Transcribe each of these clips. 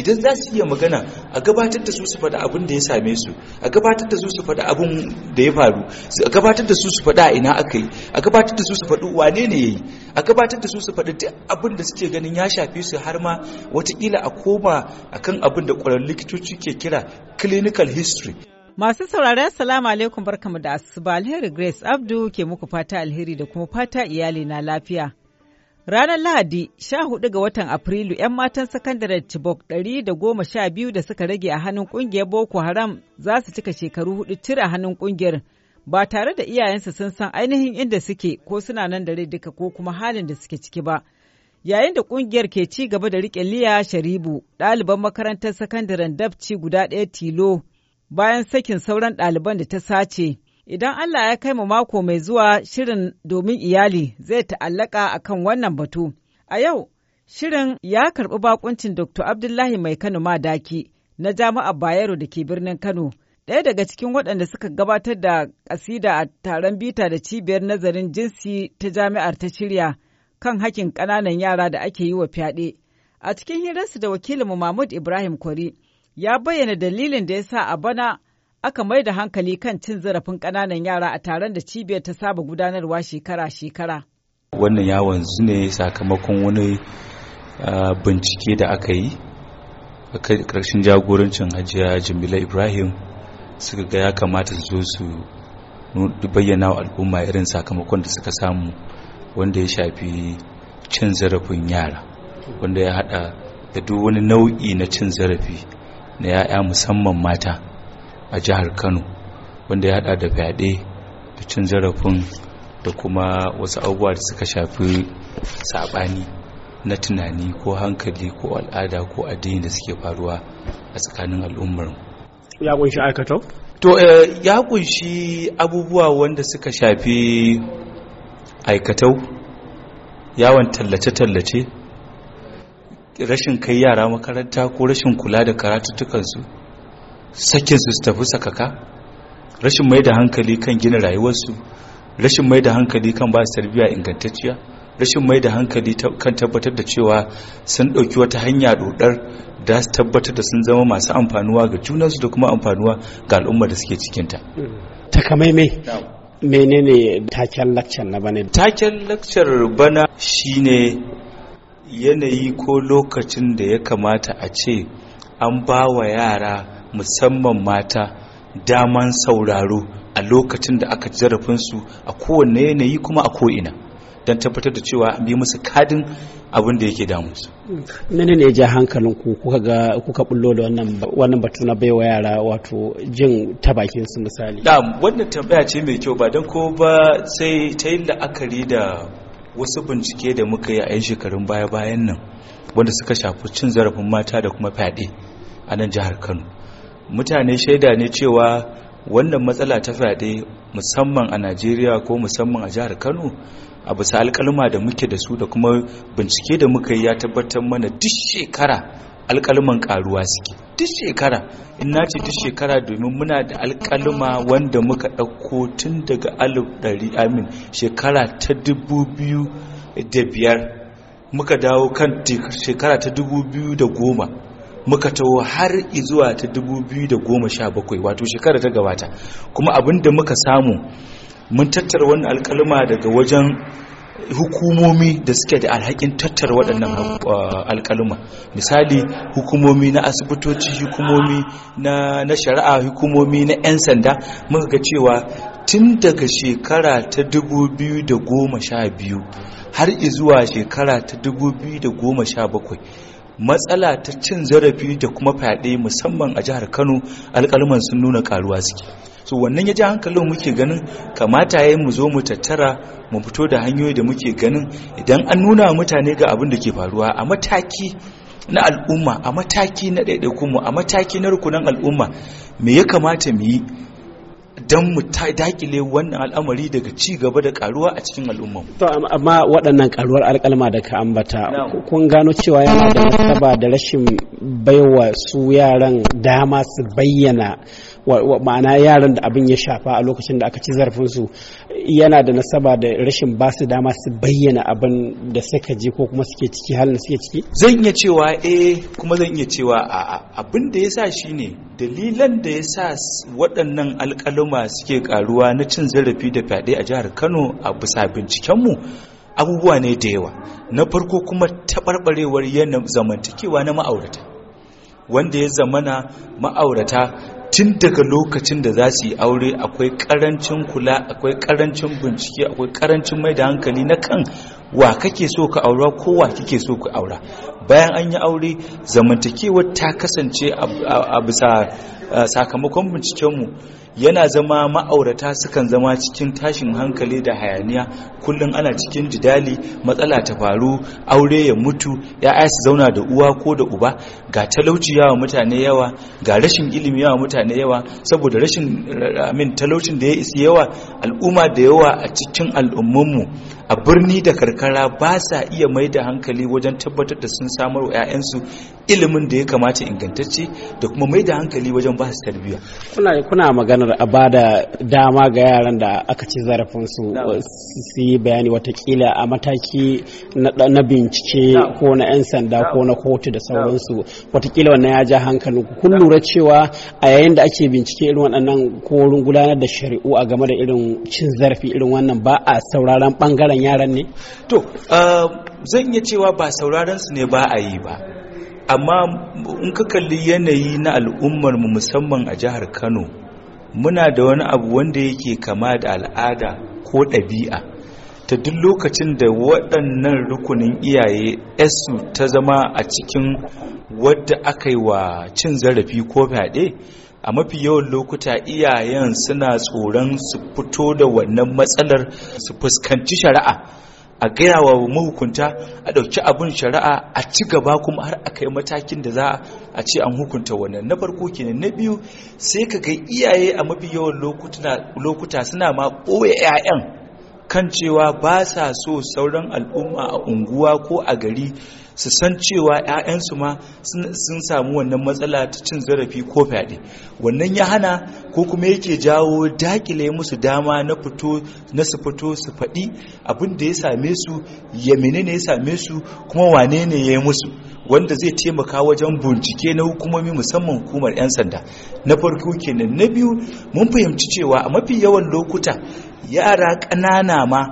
idan za su iya magana a gabatar da su su faɗa abin da ya same su a gabatar da su su faɗa abin da ya faru a gabatar da su su faɗa ina aka yi a gabatar da su su faɗi wane ne ya yi a gabatar da su su faɗi duk abin da suke ganin ya shafi su har ma watakila a koma a kan abin da ƙwararrun likitoci ke kira clinical history Masu sauraron salamu alaikum barkamu da asuba alheri Grace Abdu ke muku fata alheri da kuma fata iyali na lafiya. Ranar Lahadi, sha hudu ga watan Afrilu, 'yan matan sakandaren Chibok ɗari da goma sha biyu da suka rage a hannun kungiyar Boko Haram za su cika shekaru hudu cire a hannun kungiyar ba tare da iyayensu sun san ainihin inda suke ko suna nan da rai duka ko kuma halin da suke ciki ba. Yayin da kungiyar ke ci gaba da riƙe Liya Sharibu, ɗaliban makarantar sakandaren Dabci guda ɗaya tilo bayan sakin sauran ɗaliban da ta sace. Idan Allah ya kai mu mako mai zuwa shirin domin iyali zai ta'allaka a kan wannan batu. A yau, shirin ya karɓi bakuncin Dr. Abdullahi Mai Kano Madaki na Jami'ar Bayero da ke birnin Kano. Ɗaya daga cikin waɗanda suka gabatar da ƙasida a taron bita da cibiyar nazarin jinsi ta jami'ar ta shirya kan hakkin ƙananan yara da ake yi wa fyaɗe. A cikin hirarsu da wakilinmu Mahmud Ibrahim Kwari ya bayyana dalilin da ya sa a bana aka mai da hankali kan cin zarafin ƙananan yara a taron da cibiyar ta saba gudanarwa shekara-shekara. Wannan yawon su ne sakamakon wani bincike da aka yi a ƙarshen jagorancin hajiya Jamila Ibrahim suka ga ya kamata su zo su bayyana wa al'umma irin sakamakon da suka samu wanda ya shafi cin zarafin yara wanda ya hada da duk wani nau'i na cin zarafi na 'ya'ya musamman mata. a jihar kano wanda ya hada da fyaɗe da cin zarafin da kuma wasu abubuwa da suka shafi saɓani na tunani ko hankali ko al'ada ko addini da suke faruwa a tsakanin al'ummar ya kunshi aikatau? to eh, ya kunshi abubuwa wanda suka shafi aikatau yawon tallace-tallace rashin kai yara makaranta ko rashin kula da karatuttukansu sakin su tafi sakaka rashin mai da hankali kan gina rayuwarsu rashin mai da hankali kan ba su tarbiyya ingantacciya rashin mai da hankali kan tabbatar da cewa sun ɗauki wata hanya dodar da su tabbatar da sun zama masu amfanuwa ga junansu da kuma amfanuwa ga al'umma da suke cikinta takamaimai menene taken lakcar na bane taken lakcar bana shine yanayi ko lokacin da ya kamata a ce an ba wa yara musamman mata daman sauraro a lokacin da aka zarafinsu a kowane yanayi kuma a ko'ina don tabbatar da cewa bi musu kadin abin da yake damu su. Mene ne ja hankalin ku kuka ga kuka bullo da wannan wannan batu na baiwa yara wato jin ta bakin su misali. Da wannan tambaya ce mai kyau ba don ko ba sai ta yi la'akari da wasu bincike da muka yi a yan shekarun baya bayan nan wanda suka shafi cin zarafin mata da kuma fyaɗe a nan jihar Kano. mutane shaida ne cewa wannan matsala ta fade musamman a najeriya ko musamman a jihar kano a bisa alkalma da muke da su da kuma bincike da muka yi ya tabbatar mana duk shekara alkalman karuwa suke duk shekara in na ce duk shekara domin muna da alkalma wanda muka ɗauko tun daga alif ɗari amin shekara ta dubu biyu da biyar muka dawo kan shekara ta dubu biyu da goma muka taho har zuwa ta 2017 wato shekara ta gabata kuma abinda muka samu mun tattara wannan alkalima daga wajen hukumomi da suke da alhakin tattara waɗannan ah, alkalima misali hukumomi na asibitoci hukumomi na shari'a hukumomi na 'yan sanda muka ga cewa tun daga shekara ta 2012 har izuwa shekara ta 2017 matsala ta cin zarafi da kuma fyaɗe musamman a jihar kano alƙalman sun nuna karuwa suke so wannan ya ji hankalin muke ganin kamata ya mu zo mu tattara mu fito da hanyoyi da muke ganin idan an nuna mutane ga abin da ke faruwa a mataki na al'umma a mataki na ɗaiɗaikunmu a mataki na rukunan al'umma me ya kamata mu yi don mu ta dakile wannan al'amari daga ci gaba da karuwa a cikin al'umma. To amma waɗannan karuwar alƙalma da ka ambata kun gano cewa yana da nasaba da rashin baiwa su yaran dama su bayyana ma'ana yaran da abin ya shafa a lokacin da aka ci zarafinsu yana da nasaba da rashin ba su dama su bayyana abin da suka je ko kuma suke ciki halin suke ciki zan iya cewa eh kuma zan iya cewa a'a abin da ya sa shi ne dalilan da ya sa waɗannan alƙaluma suke ƙaruwa na cin zarafi da fyaɗe a jihar kano a bisa bincikenmu abubuwa ne da yawa na farko kuma taɓarɓarewar yanayin zamantakewa na ma'aurata wanda ya zamana ma'aurata tun daga lokacin da za su yi aure akwai karancin kula akwai karancin bincike akwai karancin mai da hankali na kan wa kake so ka aura ko wa kike so ku aura bayan an yi aure zamantakewar ta kasance a bisa sakamakon bincikenmu yana zama ma'aurata sukan zama cikin tashin hankali da hayaniya kullum ana cikin jidali matsala ta faru aure ya mutu ya su zauna da uwa ko da uba ga talauci yawa mutane yawa ga rashin ilimi yawa mutane yawa saboda rashin amin talaucin da ya isi yawa al'umma da yawa a cikin al'ummanmu a birni da karkara shekara ba sa iya mai da hankali wajen tabbatar da sun samar wa 'ya'yansu ilimin da ya kamata ingantacce da kuma mai da hankali wajen ba su tarbiyya kuna kuna maganar a ba da dama ga yaran da aka ci zarafin su su yi bayani watakila a mataki na bincike ko na 'yan sanda ko na kotu da sauransu watakila wannan ya ja hankali. kun lura cewa a yayin da ake bincike irin waɗannan ko gudanar da shari'u a game da irin cin zarafi irin wannan ba a sauraron bangaren yaran ne to eh, zan iya cewa ba sauraron su ne ba a yi ba amma in ka kalli yanayi na al'ummar mu musamman a jihar Kano muna da wani abu wanda yake kama da al'ada ko ɗabi'a ta duk lokacin da waɗannan rukunin iyaye su ta zama a cikin wadda aka yi wa cin zarafi ko fyaɗe a mafi yawan lokuta iyayen suna tsoron su fito da wannan matsalar su fuskanci shari'a a gaya wa mahukunta a ɗauki abin shari'a a ci gaba kuma har a kai matakin da za a ce an hukunta wannan na farko kenan na biyu sai ka ga iyaye a mafi yawan lokuta suna ma ɓoye 'ya'yan kan cewa ba sa so sauran al'umma a unguwa ko a gari su san cewa 'ya'yansu ma sun samu wannan matsala ta cin zarafi ko fyaɗe wannan ya hana ko kuma yake jawo dakile musu dama na fito na su fito su faɗi abinda ya same su ya menene ya same su kuma wane ne ya yi musu wanda zai taimaka wajen bincike na hukumomi musamman hukumar 'yan sanda na farko kenan na biyu mun fahimci cewa a mafi yawan lokuta yara ƙanana ma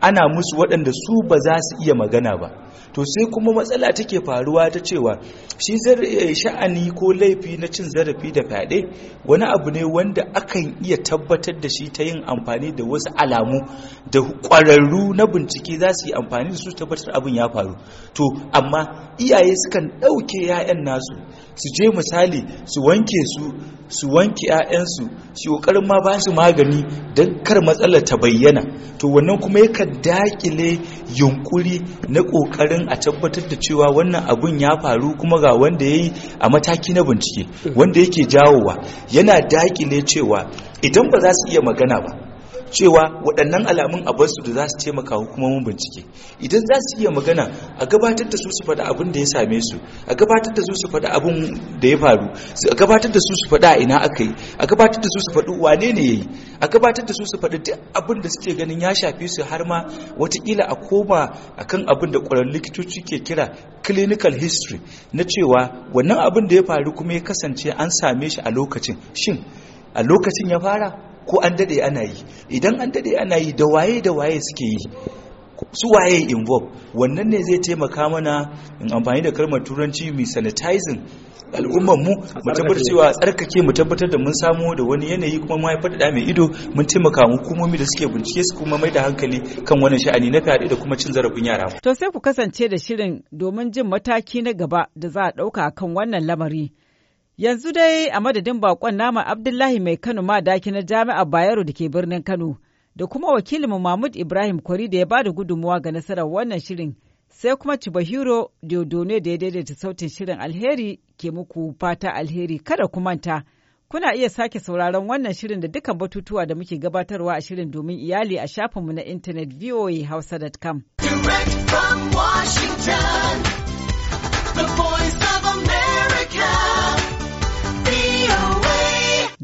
ana musu waɗanda su ba za su iya magana ba to sai kuma matsala take faruwa ta cewa shi eh, sha'ani ko laifi na cin zarafi da fyaɗe wani abu ne wanda akan iya tabbatar da shi ta yin amfani da wasu alamu da ƙwararru na bincike za su yi amfani da su tabbatar abin ya faru to amma iyaye sukan ɗauke 'ya'yan nasu su je misali su wanke su su wanke 'ya'yansu su ƙoƙarin ma ba su magani don kar matsalar ta bayyana to wannan kuma yakan daƙile yunƙuri na ƙoƙari kokarin a tabbatar da cewa wannan abun ya faru kuma ga wanda ya yi a mataki na bincike wanda yake jawowa yana dakile cewa idan ba za su iya magana ba cewa waɗannan alamun abinsu da za su taimaka hukumomin bincike idan za su iya magana a gabatar da su su faɗa abin da ya same su a gabatar da su su faɗa abin da ya faru a gabatar da su su faɗa a ina aka yi a gabatar da su su faɗi wane ne ya yi a gabatar da su su faɗi duk abin da suke ganin ya shafe su har ma watakila a koma a kan abin da ƙwararrun likitoci ke kira clinical history na cewa wannan abin da ya faru kuma ya kasance an same shi a lokacin shin a lokacin ya fara ko an dade ana yi idan an dade ana yi da waye da waye suke yi su waye involve wannan ne zai taimaka mana in amfani da kalmar turanci mai sanitizing al'ummar mu mu tabbatar cewa tsarkake mu tabbatar da mun samu da wani yanayi kuma mahaifar da mai ido mun taimaka mu hukumomi da suke bincike su kuma mai da hankali kan wannan sha'ani na fyaɗe da kuma cin zarafin yara to sai ku kasance da shirin domin jin mataki na gaba da za a ɗauka kan wannan lamari Yanzu dai a madadin bakon nama Abdullahi mai Kano ma daki na jami'a Bayero da ke birnin Kano da kuma wakilinmu Mahmud Ibrahim Kwari da ya ba da gudunmuwa ga nasarar wannan shirin sai kuma Cibahiro Diodone da ya daidaita sautin shirin alheri ke muku fata alheri kada ku manta. Kuna iya sake sauraron wannan shirin da dukkan batutuwa da muke gabatarwa a shirin domin iyali a shafinmu na intanet voahausa.com. Direct from